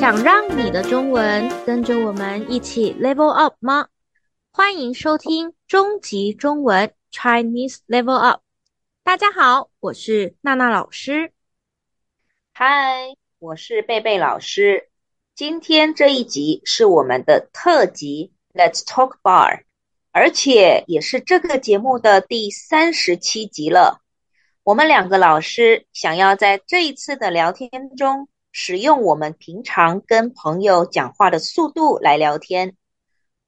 想讓你的中文跟着我們一起 level up 嗎？歡迎收聽終極中文 Chinese Level Up。大家好，我是娜娜老師。嗨，我是貝貝老師。今天這一集是我們的特輯 Let's Talk Bar，而且也是這個節目的第三十七集了。我們兩個老師想要在這一次的聊天中，使用我們平常跟朋友講話的速度來聊天。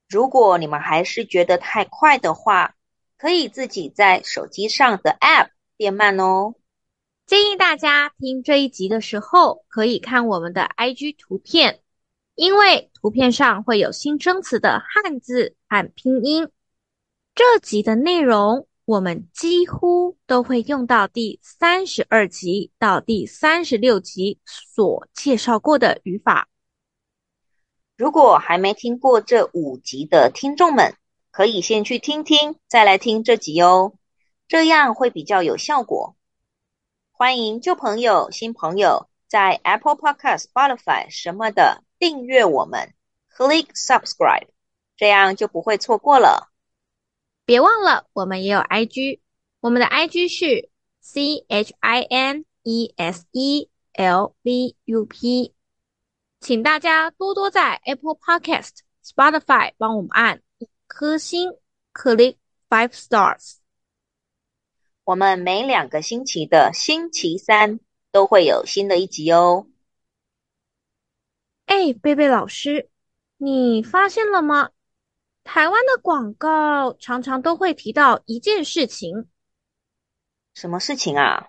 如果你們還是覺得太快的話，可以自己在手機上的 App 變慢哦。建議大家聽這一集的時候，可以看我們的 IG 圖片，因為圖片上會有新生詞的漢字和拼音。這集的內容。我們幾乎都會用到第三十二集到第三十六集所介紹過的語法。如果還沒聽過這五集的聽眾們，可以先去聽聽，再來聽這集哦，這樣會比較有效果。歡迎舊朋友、新朋友在 Apple Podcast、Spotify 什麼的訂閱我們，click subscribe，這樣就不會錯過了。別忘了，我們也有 I G，我們的 I G 是 C H I N E S E L V U P，請大家多多在 Apple Podcast、Spotify 幫我們按一顆星，click five stars。我們每兩個星期的星期三都會有新的一集哦。哎，貝貝老師，你發現了嗎？台灣的廣告常常都會提到一件事情，什麼事情啊？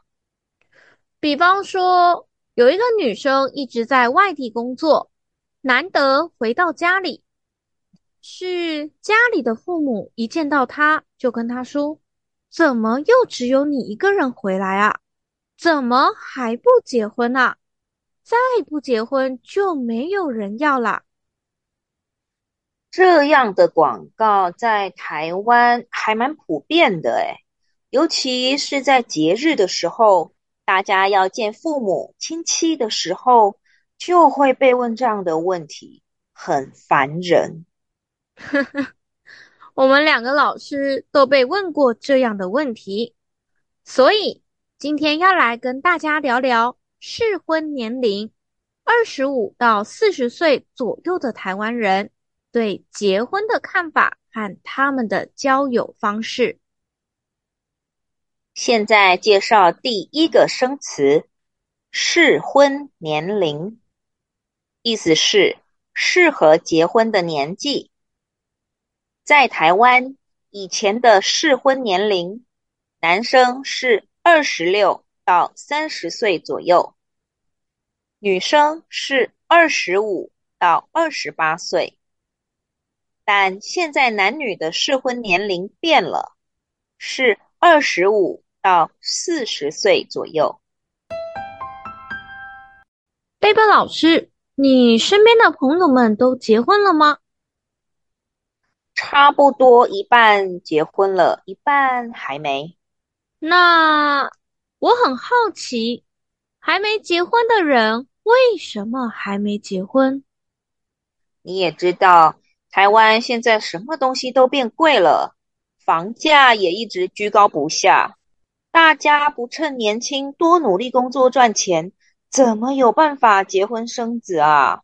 比方說，有一個女生一直在外地工作，難得回到家裡，是家裡的父母一見到她就跟她說：“怎麼又只有你一個人回來啊？怎麼還不結婚呢？再不結婚就沒有人要了。”這樣的廣告在台灣還蠻普遍的，誒，尤其是在節日的時候，大家要見父母親戚的時候，就會被問這樣的問題，很煩人。呵呵，我們兩個老師都被問過這樣的問題，所以今天要來跟大家聊聊適婚年齡，二十五到四十歲左右的台灣人。對結婚的看法和他們的交友方式。現在介紹第一個生詞：適婚年齡，意思是適合結婚的年紀。在台灣，以前的適婚年齡，男生是二十六到三十歲左右，女生是二十五到二十八歲。但現在男女的適婚年齡變了，是二十五到四十歲左右。貝貝老師，你身邊的朋友們都結婚了嗎？差不多一半結婚了，一半還沒。那，我很好奇，還沒結婚的人為什麼還沒結婚？你也知道。台灣現在什麼東西都變貴了，房價也一直居高不下，大家不趁年輕多努力工作賺錢，怎麼有辦法結婚生子啊？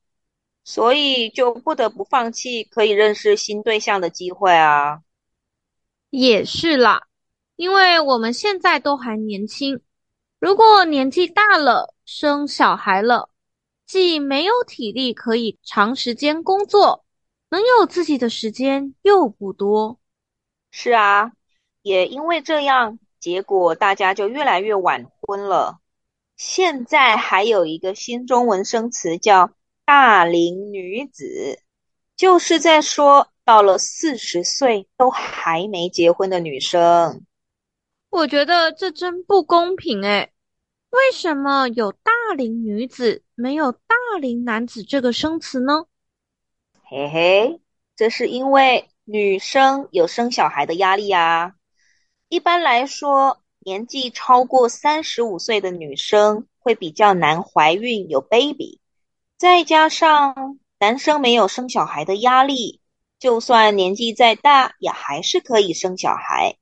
所以就不得不放棄可以認識新對象的機會啊。也是啦，因為我們現在都還年輕，如果年紀大了，生小孩了，既沒有體力可以長時間工作。能有自己的時間又不多，是啊，也因為這樣，結果大家就越來越晚婚了。現在還有一個新中文生詞叫“大齡女子”，就是在說到了四十歲都還沒結婚的女生。我覺得這真不公平誒，為什麼有“大齡女子”，沒有“大齡男子”這個生詞呢？嘿嘿，這是因為女生有生小孩的壓力呀、啊。一般來說，年紀超過三十五歲的女生會比較難懷孕有 baby，再加上男生沒有生小孩的壓力，就算年紀再大也還是可以生小孩，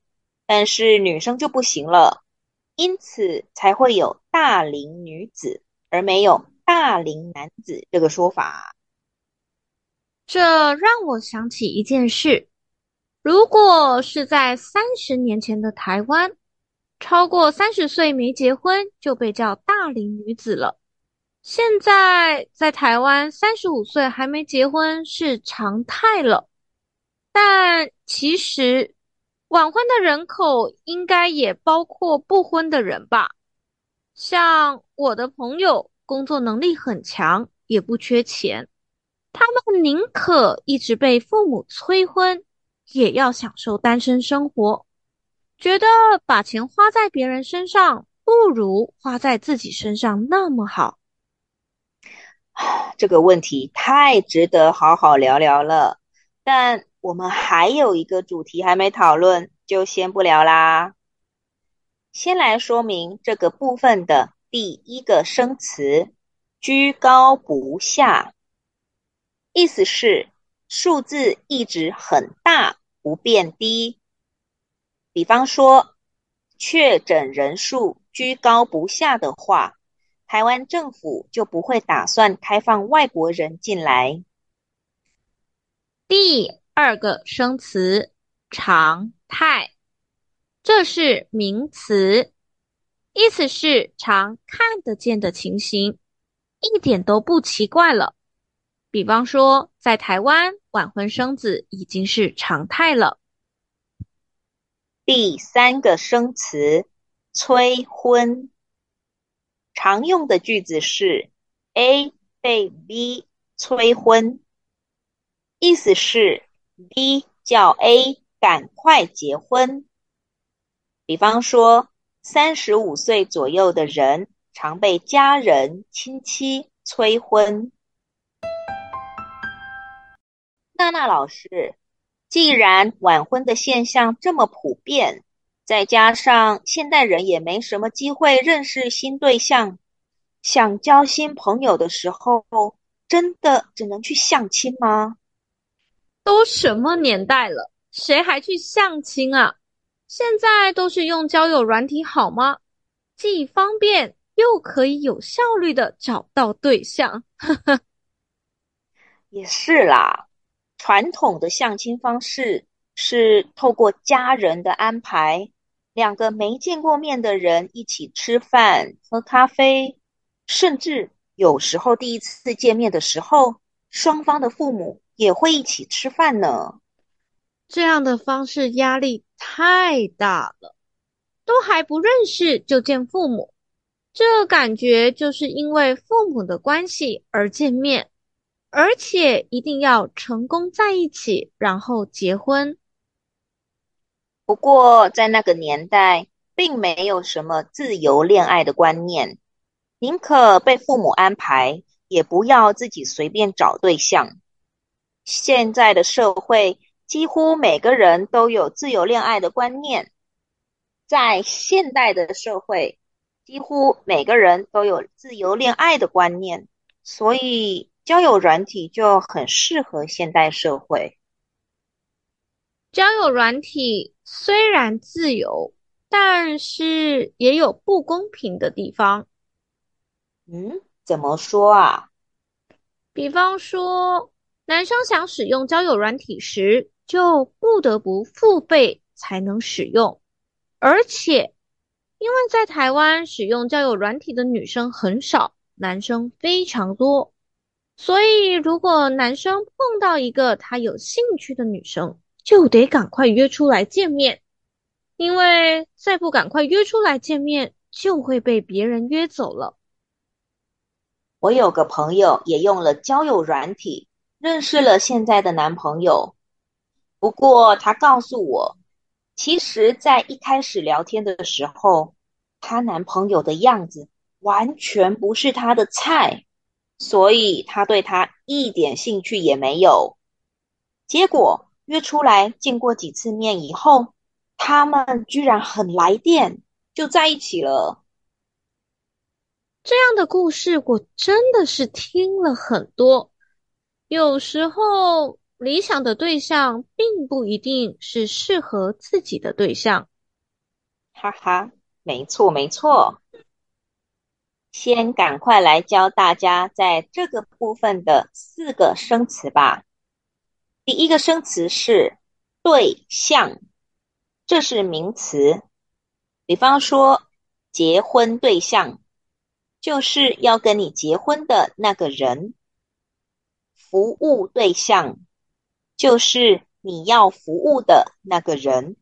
但是女生就不行了，因此才會有大齡女子而沒有大齡男子這個說法。這讓我想起一件事，如果是在三十年前的台灣，超過三十歲沒結婚就被叫“大齡女子”了。現在在台灣，三十五歲還沒結婚是常態了。但其實晚婚的人口應該也包括不婚的人吧？像我的朋友，工作能力很強，也不缺錢。他們寧可一直被父母催婚，也要享受單身生活，覺得把錢花在別人身上不如花在自己身上那麼好。這個問題太值得好好聊聊了。但我們還有一個主題還沒討論，就先不聊啦。先來說明這個部分的第一個生詞：居高不下。意思是數字一直很大，不變低。比方說，確診人數居高不下的話，台灣政府就不會打算開放外國人進來。第二個生詞“常態”，這是名詞，意思是常看得見的情形，一點都不奇怪了。比方說，在台灣晚婚生子已經是常態了。第三個生詞“催婚”，常用的句子是 A 被 B 催婚，意思是 B 叫 A 趕快結婚。比方說，三十五歲左右的人常被家人、親戚催婚。娜娜老師，既然晚婚的現象這麼普遍，再加上現代人也沒什麼機會認識新對象，想交新朋友的時候，真的只能去相親嗎？都什麼年代了，誰還去相親啊？現在都是用交友軟體好嗎？既方便又可以有效率的找到對象。 也是啦。傳統的相親方式是透過家人的安排，兩個沒見過面的人一起吃飯、喝咖啡，甚至有時候第一次見面的時候，雙方的父母也會一起吃飯呢。這樣的方式壓力太大了，都還不認識就見父母，這個感覺就是因為父母的關係而見面。而且一定要成功在一起，然後結婚。不過，在那個年代，並沒有什麼自由戀愛的觀念。寧可被父母安排，也不要自己隨便找對象。現在的社會，幾乎每個人都有自由戀愛的觀念。在現代的社會，幾乎每個人都有自由戀愛的觀念。所以。交友軟體就很適合現代社會。交友軟體雖然自由，但是也有不公平的地方。嗯，怎麼說啊？比方說，男生想使用交友軟體時，就不得不付費才能使用，而且因為在台灣使用交友軟體的女生很少，男生非常多。所以，如果男生碰到一個他有興趣的女生，就得趕快約出來見面，因為再不趕快約出來見面，就會被別人約走了。我有個朋友也用了交友軟體，認識了現在的男朋友，不過他告訴我，其實，在一開始聊天的時候，她男朋友的樣子完全不是他的菜。所以他對他一點興趣也沒有。結果約出來見過幾次面以後，他們居然很來電，就在一起了。這樣的故事我真的是聽了很多。有時候理想的對象並不一定是適合自己的對象。哈哈， 沒錯沒錯。先趕快來教大家在這個部分的四個生詞吧。第一個生詞是“對象”，這是名詞。比方說，結婚對象就是要跟你結婚的那個人；服務對象就是你要服務的那個人。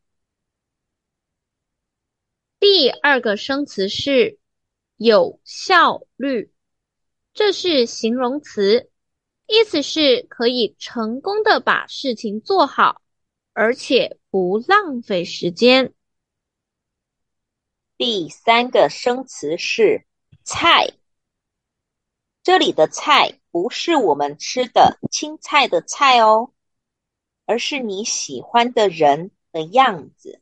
第二個生詞是。有效率，這是形容詞，意思是可以成功的把事情做好，而且不浪費時間。第三個生詞是“菜”，這裡的“菜”不是我們吃的青菜的“菜”哦，而是你喜歡的人的樣子。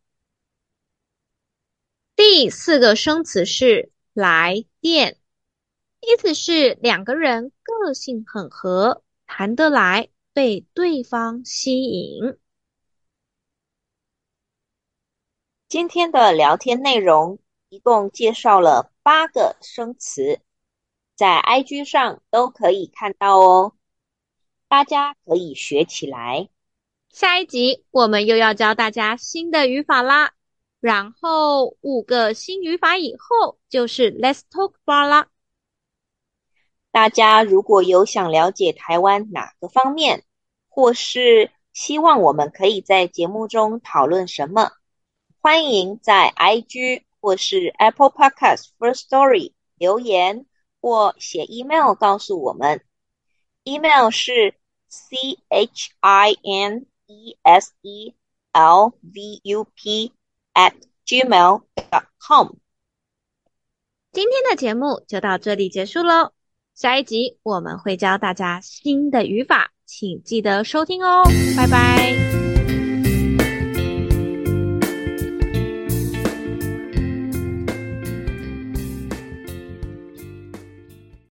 第四個生詞是。來電，意思是兩個人個性很合，談得來，被對方吸引。今天的聊天內容一共介紹了八個生詞，在 IG 上都可以看到哦，大家可以學起來。下一集我們又要教大家新的語法啦。然後五個新語法以後就是 Let's talk bar 啦。大家如果有想了解台灣哪個方面，或是希望我們可以在節目中討論什麼，歡迎在 IG 或是 Apple Podcast Firstory 留言或寫 email 告訴我們。email 是 c h i n e s e l v u p。at gmail dot com。今天的節目就到這裡結束嘍，下一集我們會教大家新的語法，請記得收聽哦，拜拜。